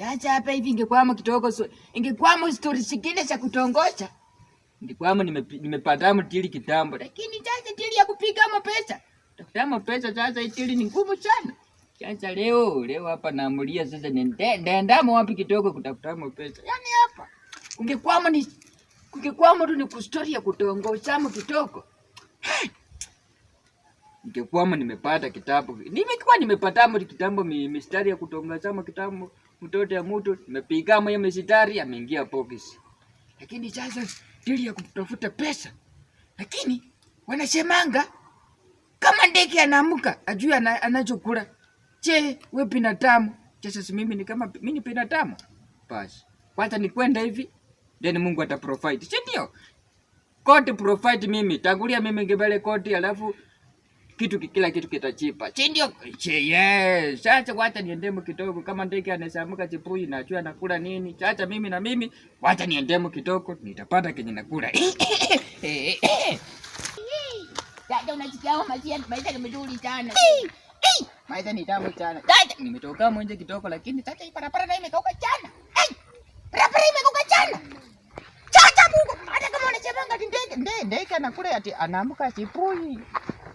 Chacha hapa hivi ingekwamo kitoko so, ingekwamo stori chingine cha kutongocha. Ingekwamo nimepata nime tili kitambo. Lakini chacha tili ya kupika mapesa. Tafuta mapesa sasa tili ni ngumu sana. Chacha leo leo hapa naamulia sasa nendendamo wapi kitoko kutafuta mapesa. Yaani hapa ungekwamo ni kungekwamo tu ni kustori ya mo kitoko. Ningekwamo nimepata kitabu. Nimekuwa nimepata mo kitambo mistari ya mo kitambo mtoto ya mtu nimepiga mwe msitari ameingia pokisi. Lakini sasa dili ya kutafuta pesa. Lakini wanasemanga kama ndege anaamka ajui ana, anachokula. Je, wewe binadamu? Je, sasa mimi ni kama mimi ni binadamu? Basi. Kwanza ni kwenda hivi then Mungu ataprovide. Si ndio? Koti provide mimi, tangulia mimi ngebele koti alafu kitu kila kitu kitachipa chindio che yes. Sasa wacha niendemo kidogo, kama ndege anasamuka chipui na chua nakula nini. chacha mimi na mimi, wacha niendemo kidogo, nitapata kenye nakula. Dada, unasikia hao maziwa maisha ni mzuri sana. Maisha ni tamu sana. Dada, nimetoka kidogo lakini na imekauka imekauka Chacha Mungu, hata kama unachemanga ndege, ndege anakula ati anaamka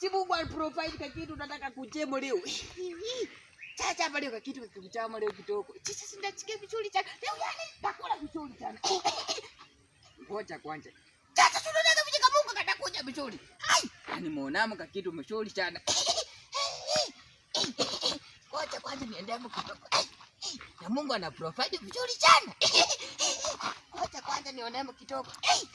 Si Mungu aliprovide kakitu nataka kuchemo leo. Chacha hapa leo kakitu kikichama leo kitoko. Chicha si ndachikia vizuri cha. Leo yani nakula vizuri sana. Ngoja kwanza. Chacha tunataka vijika Mungu katakuja vizuri. Ai, yani muonamo kakitu mzuri sana. Ngoja kwanza niende hapo kitoko. Na Mungu ana provide vizuri sana. Ngoja kwanza nione hapo hey.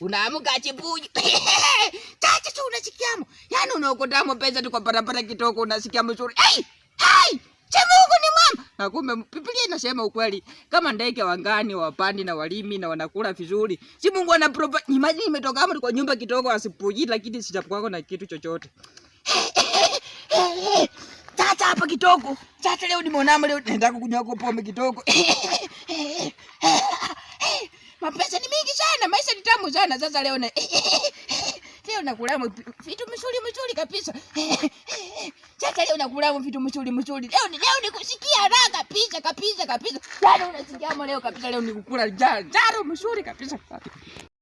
unaamka achibuji chache tu mo, yani unaokota mo pesa tu kwa barabara kitoko, unasikia mzuri hey, hey, cha Mungu ni mwema. Na kumbe Biblia inasema ukweli, kama ndege wangani wapandi na walimi na wanakula vizuri, si Mungu ana provide. Imagine imetoka hapo kwa nyumba kitoko asipuji, lakini sitakuwa na kitu chochote Tata hapa kitoko. Tata leo ni mwanamke leo nataka kunywa pombe kitoko. Mapesa ni karibu sana sasa. Leo na leo nakula vitu mzuri mzuri kabisa. Sasa leo nakula vitu mzuri mzuri. Leo ni leo nikusikia raha kabisa kabisa kabisa. Yaani unasikia leo kabisa, leo nikukula jaru mzuri kabisa.